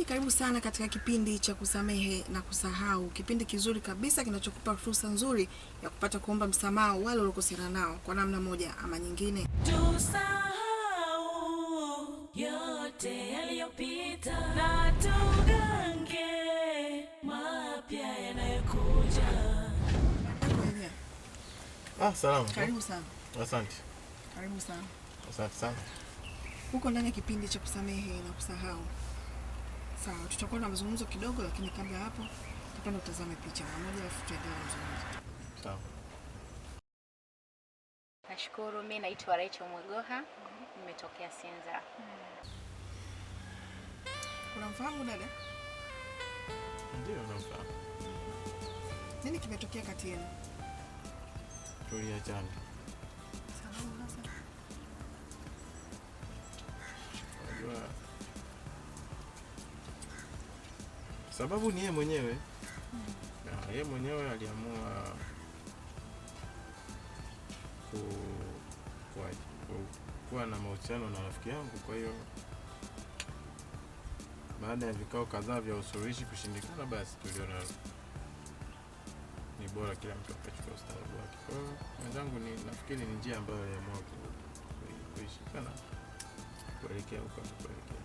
Mtazamaji, karibu sana katika kipindi cha kusamehe na kusahau, kipindi kizuri kabisa kinachokupa fursa nzuri ya kupata kuomba msamaha wale waliokosana nao kwa namna moja ama nyingine. Tusahau yote yaliyopita na tugange mapya yanayokuja. Ah, salamu. Karibu sana. Asante. Karibu sana. Asante sana. Uko ndani ya kipindi cha kusamehe na kusahau. Sawa, tutakuwa na mazungumzo kidogo, lakini kabla ya hapo tupende utazame picha moja, alafu tuendelee na mazungumzo. Sawa. Nashukuru. Mimi naitwa Rachel Mwegoha, nimetokea mm -hmm. Sinza. Unamfahamu dada? Ndio, namfahamu. Nini kimetokea kati yenu? Tuliachana. Sawa, sasa sababu ni yeye mwenyewe na yeye mwenyewe aliamua ku, ku, ku, kuwa na mahusiano na rafiki yangu. Kwa hiyo baada ya vikao kadhaa vya usuluhishi kushindikana, basi tuliona ni bora kila mtu akachukua ustaarabu wake. Kwa hiyo mwenzangu, ni nafikiri ni njia ambayo aliamua kuishi kana kuelekea huko kuelekea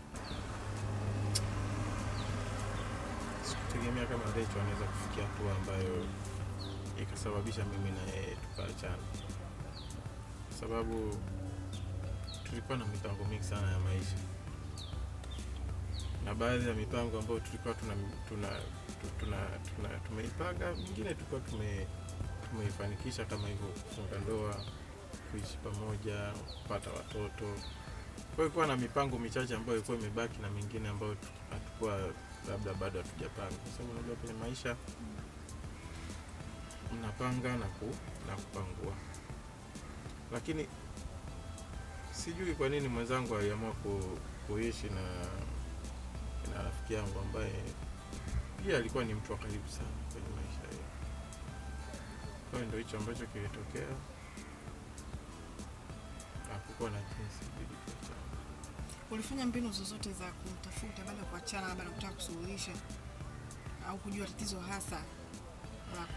sikutegemea kama Hecho anaweza kufikia hatua ambayo ikasababisha mimi na yeye tukaachana, kwa sababu tulikuwa na mipango mingi sana ya maisha, na baadhi ya mipango ambayo tulikuwa tuna, tuna, tuna, tuna, tuna tumeipanga, mingine tulikuwa tume tumeifanikisha kama hivyo, kufunga ndoa, kuishi pamoja, kupata watoto. Kwa hiyo na mipango michache ambayo ilikuwa imebaki na mingine ambayo hatukuwa labda bado hatujapanga, kwa sababu unajua kwenye maisha mnapanga na, ku, na kupangua. Lakini sijui kwa nini mwenzangu aliamua ku, kuishi na, na rafiki yangu ambaye pia alikuwa ni mtu wa karibu sana kwenye maisha hiyo. Kwa hiyo ndio hicho ambacho kilitokea, hakukuwa na jinsi, ilibidi Ulifanya mbinu zozote za kumtafuta baada ya kuachana, labda nakutaka kutaka kusuluhisha au kujua tatizo hasa la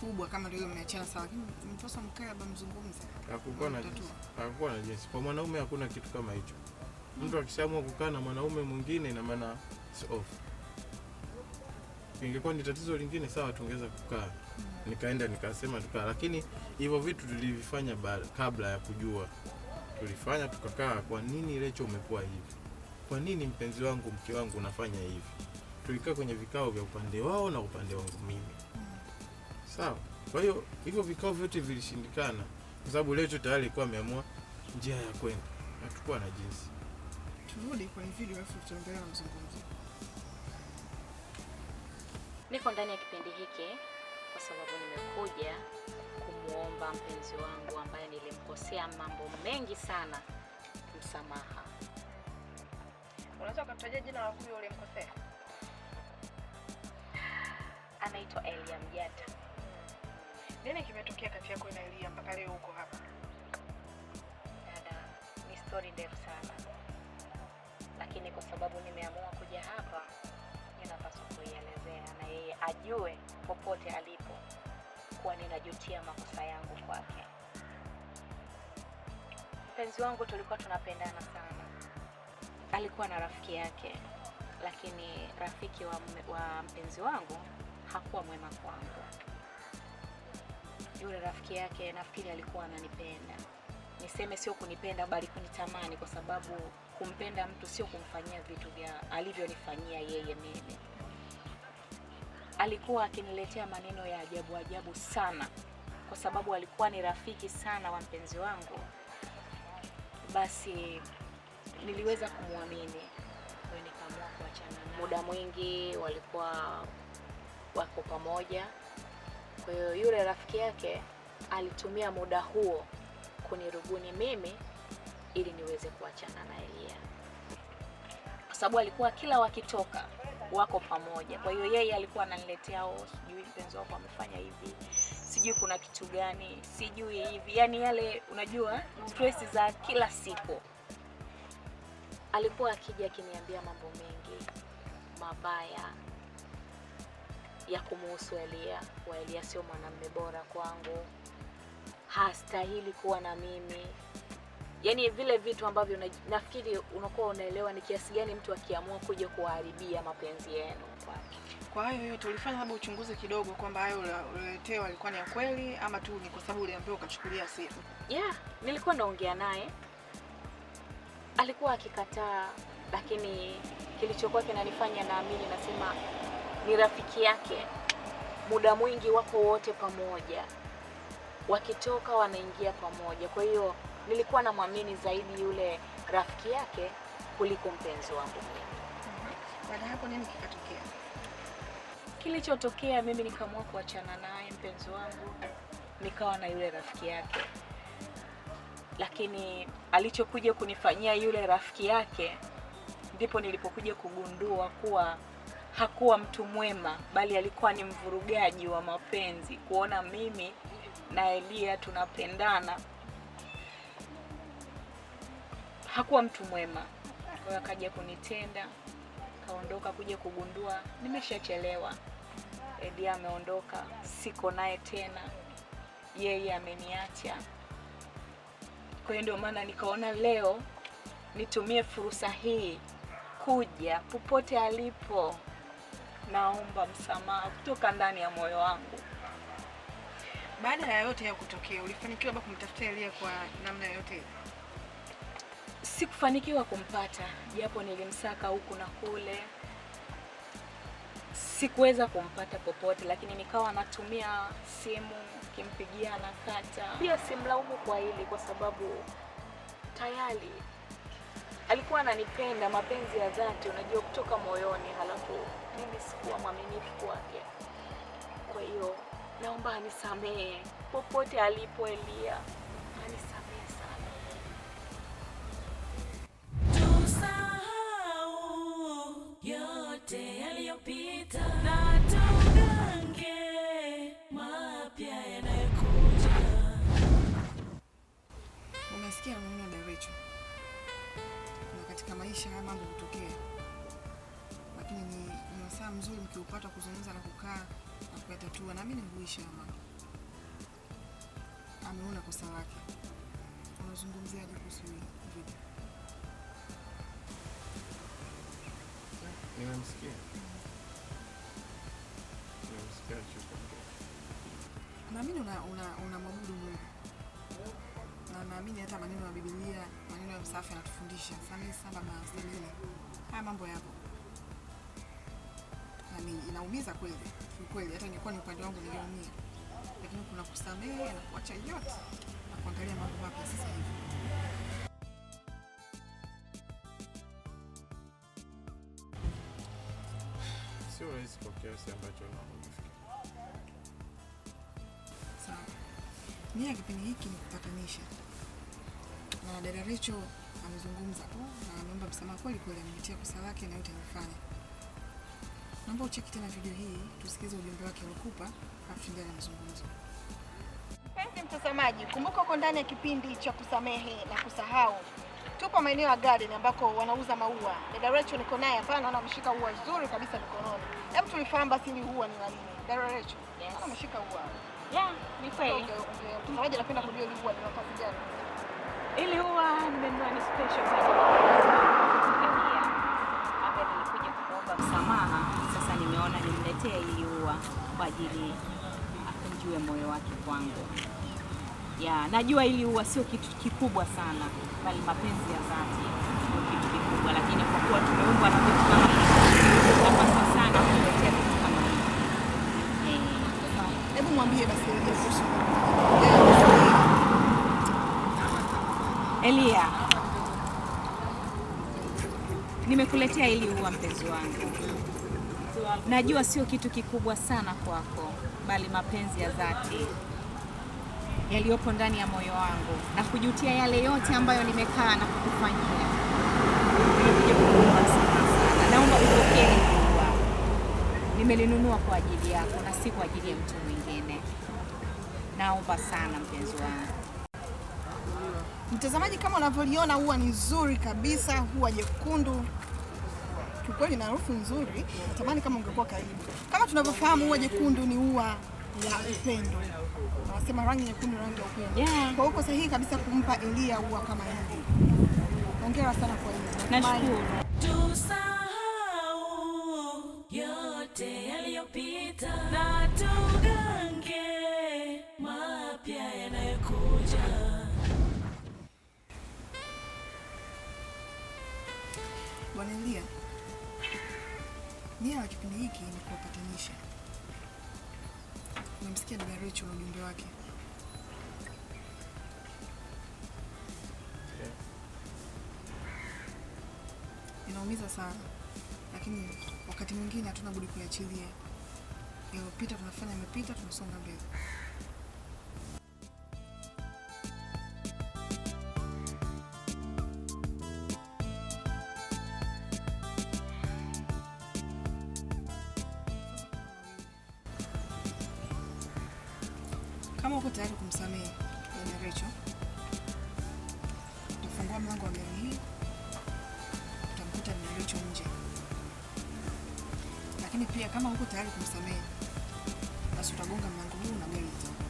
kubwa kama ndio mmeachana? Sawa, lakini mposa mkae labda mzungumze. Hakukuwa na jinsi. Kwa mwanaume hakuna kitu kama hicho. Mm. Mtu akishaamua kukaa na mwanaume mwingine, ina maana it's off. Ingekuwa ni tatizo lingine, sawa, tungeweza kukaa mm. nikaenda nikasema tukaa, lakini hivyo vitu tulivifanya kabla ya kujua tulifanya tukakaa, kwa nini Lecho umekuwa hivi? Kwa nini mpenzi wangu, mke wangu unafanya hivi? Tulikaa kwenye vikao vya upande wao na upande wangu mimi, sawa. Kwa hiyo hivyo vikao vyote vilishindikana, kwa sababu Recho tayari alikuwa ameamua njia ya kwenda, hatukuwa na jinsi. Turudi kwenye video afu tutaendelea na mzungumzo. Niko ndani ya kipindi hiki kwa sababu nimekuja kumwomba mpenzi wangu ambaye nilimkosea mambo mengi sana msamaha. Unaweza kutajia jina la huyo ulimkosea? Anaitwa Elia Mjata. Nini kimetokea kati yako na Elia mpaka leo uko hapa? Dada, ni story ndefu sana, lakini kwa sababu nimeamua kuja hapa, ninapaswa kuielezea na yeye ajue popote alipo kuwa ninajutia makosa yangu kwake. Mpenzi wangu tulikuwa tunapendana sana, alikuwa na rafiki yake, lakini rafiki wa, wa mpenzi wangu hakuwa mwema kwangu. Yule rafiki yake nafikiri alikuwa ananipenda, niseme sio kunipenda, bali kunitamani, kwa sababu kumpenda mtu sio kumfanyia vitu vya alivyonifanyia yeye mimi alikuwa akiniletea maneno ya ajabu ajabu sana, kwa sababu alikuwa ni rafiki sana wa mpenzi wangu. Basi niliweza kumwamini, nikaamua kuachana naye. Muda mwingi walikuwa wako pamoja, kwa hiyo yule rafiki yake alitumia muda huo kunirubuni mimi ili niweze kuachana na Elia, kwa sababu alikuwa kila wakitoka wako pamoja. Kwa hiyo yeye alikuwa ananiletea o oh, sijui mpenzi wako amefanya hivi, sijui kuna kitu gani, sijui hivi, yaani yale unajua stress za kila siku. Alikuwa akija akiniambia mambo mengi mabaya ya kumuhusu Elia, kwa Elia sio mwanamume bora kwangu, hastahili kuwa na mimi yani vile vitu ambavyo na, nafikiri unakuwa unaelewa ni kiasi gani mtu akiamua kuja kuharibia mapenzi yenu kwake. Kwa hiyo hiyo tulifanya labda uchunguzi kidogo kwamba hayo ulioletewa alikuwa ni ya kweli ama tu ni kwa sababu uliambiwa ukachukulia simu. Yeah, nilikuwa naongea naye alikuwa akikataa, lakini kilichokuwa kinanifanya naamini, nasema ni rafiki yake, muda mwingi wako wote pamoja, wakitoka wanaingia pamoja, kwa hiyo nilikuwa namwamini zaidi yule rafiki yake kuliko mpenzi wangu mimi. Mhm. Baada hapo nini kikatokea? Kilichotokea, mimi nikaamua kuachana naye mpenzi wangu, nikawa na yule rafiki yake, lakini alichokuja kunifanyia yule rafiki yake ndipo nilipokuja kugundua kuwa hakuwa mtu mwema, bali alikuwa ni mvurugaji wa mapenzi, kuona mimi na Elia tunapendana hakuwa mtu mwema. Kwa hiyo akaja kunitenda, kaondoka kuja kugundua nimeshachelewa. Edia ameondoka, siko naye tena, yeye ameniacha. Kwa hiyo ndio maana nikaona leo nitumie fursa hii kuja popote alipo, naomba msamaha kutoka ndani ya moyo wangu. Baada ya yote ya kutokea, ulifanikiwa baba kumtafuta Elia kwa namna yote? Sikufanikiwa kumpata japo nilimsaka huku na kule, sikuweza kumpata popote, lakini nikawa natumia simu kimpigia na kata. Pia simlaumu kwa hili, kwa sababu tayari alikuwa ananipenda mapenzi ya dhati, unajua kutoka moyoni, halafu mimi sikuwa mwaminifu kwake. Kwa hiyo naomba anisamehe popote alipo Elia. yote yaliyopita na tugange mapya yanayokuja. Unasikia na Rachel, na katika maisha haya mambo hutokea, lakini ni wasaa mzuri mkiupata kuzungumza na kukaa na kuyatatua. Naamini huisha mama, ameona kosa lake. Unazungumziaje kuhusu hili? Inamsikia inamsikia alichokiongea. Naamini unamwabudu Mungu na naamini hata maneno ya Biblia, maneno ya msafi anatufundisha samii saba maazimini. Haya mambo yapo nani, inaumiza kweli kweli. Hata ingekuwa ni upande wangu ningeumia, lakini kuna kusamehe na kuacha yote na kuangalia mambo mapya sasa hivi. hizi kwa kiasi ambacho nafikiria. Sawa. Nia kipindi hiki ni kupatanisha na dada Recho amezungumza tu na ameomba msamaha kweli kweli, amepitia kosa lake na yote amefanya. Naomba ucheki tena video hii tusikize ujumbe wake ulikupa, alafu tuendelee na Mpenzi mtazamaji, kumbuka uko ndani ya kipindi cha kusamehe na kusahau. Tupo maeneo ya garden ambako wanauza maua. Dada Rachel niko naye hapa naona ameshika ua zuri kabisa mikononi. Hebu tulifahamu basi ni ua ni nini? Dada Rachel. Yes. Ameshika ua. Yeah, ni kweli. Mtazamaji anapenda kujua ni ua lina kazi gani? Hili ua nimenunua ni special kwa ajili ya nilikuja kuomba msamaha. Sasa nimeona nimletee ili ua kwa ajili moyo wake kwangu ya najua ili huwa sio kitu kikubwa sana, bali mapenzi ya dhati sio kitu kikubwa, lakini kwa kuwa tumeumbwa na vitu kama hivi sana kuletea vitu kama hivi. Eh. Hebu mwambie basi Elia, nimekuletea ili huwa, mpenzi wangu, najua sio kitu kikubwa sana kwako, bali mapenzi ya dhati yaliyopo ndani ya moyo wangu na kujutia yale yote ambayo nimekaa na kukufanyia. Naomba upokee neno nimelinunua kwa ajili yako na si kwa ajili ya mtu mwingine. Naomba sana mpenzi wangu. Mtazamaji, kama unavyoliona, huwa ni nzuri kabisa, huwa jekundu kiukweli, na harufu nzuri. Natamani kama ungekuwa karibu. Kama tunavyofahamu, huwa jekundu ni huwa ya upendo. anasema rangi nyekundu, rangi ya upendo. Kwa hiyo sahihi kabisa kumpa Elia ua kama hivi. Hongera sana kwa hilo. Nashukuru. Tusahau yote yaliyopita na tugange mapya yanayokuja. Bwana Elia, nia ya kipindi hiki ni kuwapatanisha Namsikia dada Rachel ujumbe wake. Inaumiza sana, lakini wakati mwingine hatuna budi kuachilia. Yaliyopita tunafanya yamepita, tunasonga mbele. kama uko tayari kumsamehe Rachel, utafungua mlango wa gari hii, utamkuta Rachel nje. Lakini pia kama uko tayari kumsamehe, basi utagonga mlango huu na gari